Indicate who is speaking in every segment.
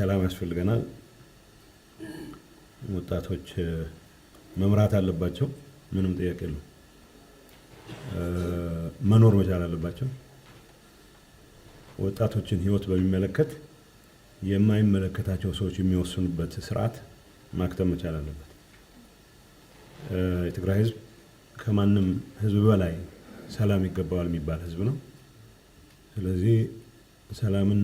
Speaker 1: ሰላም ያስፈልገናል። ወጣቶች መምራት አለባቸው። ምንም ጥያቄ የለው። መኖር መቻል አለባቸው። ወጣቶችን ህይወት በሚመለከት የማይመለከታቸው ሰዎች የሚወስኑበት ስርዓት ማክተም መቻል አለበት። የትግራይ ህዝብ ከማንም ህዝብ በላይ ሰላም ይገባዋል የሚባል ህዝብ ነው። ስለዚህ ሰላምን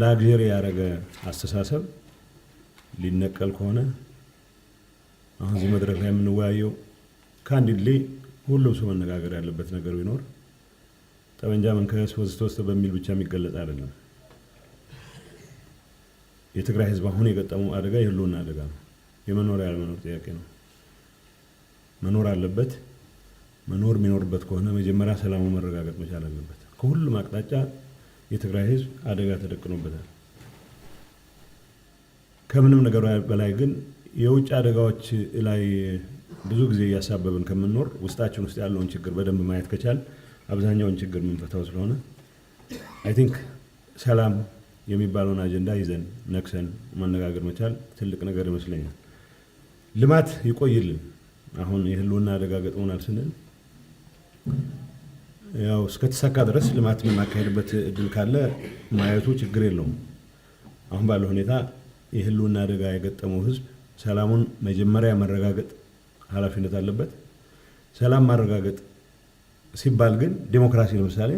Speaker 1: ላግዠሪ ያደረገ አስተሳሰብ ሊነቀል ከሆነ አሁን እዚህ መድረክ ላይ የምንወያየው ካንዲድሊ ሁሉም ሰው መነጋገር ያለበት ነገር ቢኖር ጠመንጃ መንከስ ወስተ ወስተ በሚል ብቻ የሚገለጽ አይደለም። የትግራይ ሕዝብ አሁን የገጠመው አደጋ የህልውና አደጋ ነው። የመኖር ያለመኖር ጥያቄ ነው። መኖር አለበት። መኖር የሚኖርበት ከሆነ መጀመሪያ ሰላሙ መረጋገጥ መቻል አለበት ከሁሉም አቅጣጫ የትግራይ ህዝብ አደጋ ተደቅኖበታል። ከምንም ነገር በላይ ግን የውጭ አደጋዎች ላይ ብዙ ጊዜ እያሳበብን ከምንኖር ውስጣችን ውስጥ ያለውን ችግር በደንብ ማየት ከቻል አብዛኛውን ችግር የምንፈታው ስለሆነ አይ ቲንክ ሰላም የሚባለውን አጀንዳ ይዘን ነክሰን ማነጋገር መቻል ትልቅ ነገር ይመስለኛል። ልማት ይቆይልን። አሁን የህልውና አደጋ ገጥሞናል ስንል ያው እስከተሳካ ድረስ ልማት የምናካሄድበት እድል ካለ ማየቱ ችግር የለውም። አሁን ባለው ሁኔታ የህልውና አደጋ የገጠመው ህዝብ ሰላሙን መጀመሪያ መረጋገጥ ኃላፊነት አለበት። ሰላም ማረጋገጥ ሲባል ግን ዴሞክራሲ ለምሳሌ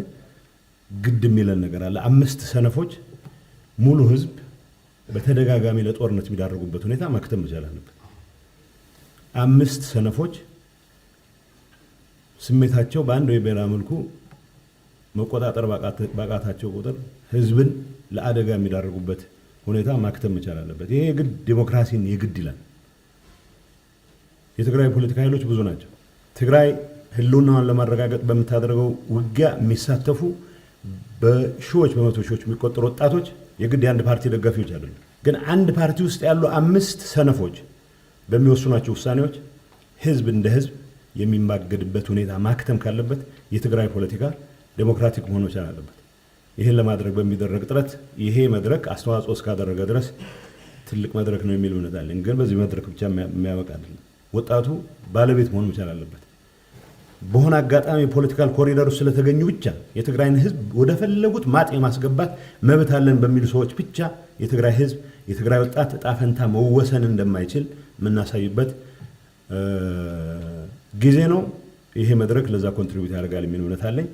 Speaker 1: ግድ የሚለን ነገር አለ። አምስት ሰነፎች ሙሉ ህዝብ በተደጋጋሚ ለጦርነት የሚዳረጉበት ሁኔታ መክተም መቻል አለበት። አምስት ሰነፎች ስሜታቸው በአንድ ወይ በሌላ መልኩ መቆጣጠር ባቃታቸው ቁጥር ህዝብን ለአደጋ የሚዳርጉበት ሁኔታ ማክተም መቻል አለበት። ይሄ የግድ ዴሞክራሲን የግድ ይላል። የትግራይ ፖለቲካ ኃይሎች ብዙ ናቸው። ትግራይ ህልውናዋን ለማረጋገጥ በምታደርገው ውጊያ የሚሳተፉ በሺዎች በመቶ ሺዎች የሚቆጠሩ ወጣቶች የግድ የአንድ ፓርቲ ደጋፊዎች አይደሉም። ግን አንድ ፓርቲ ውስጥ ያሉ አምስት ሰነፎች በሚወስኗቸው ውሳኔዎች ህዝብ እንደ ህዝብ የሚማገድበት ሁኔታ ማክተም ካለበት የትግራይ ፖለቲካ ዴሞክራቲክ መሆን መቻል አለበት። ይህን ለማድረግ በሚደረግ ጥረት ይሄ መድረክ አስተዋጽኦ እስካደረገ ድረስ ትልቅ መድረክ ነው የሚል እምነት አለን። ግን በዚህ መድረክ ብቻ የሚያበቃ አይደለም። ወጣቱ ባለቤት መሆን መቻል አለበት። በሆነ አጋጣሚ የፖለቲካል ኮሪደሩ ስለተገኙ ብቻ የትግራይን ህዝብ ወደፈለጉት ማጥ የማስገባት መብት አለን በሚሉ ሰዎች ብቻ የትግራይ ህዝብ የትግራይ ወጣት እጣ ፈንታ መወሰን እንደማይችል የምናሳይበት ጊዜ ነው። ይሄ መድረክ ለዛ ኮንትሪቢዩት ያደርጋል የሚል እምነት አለኝ።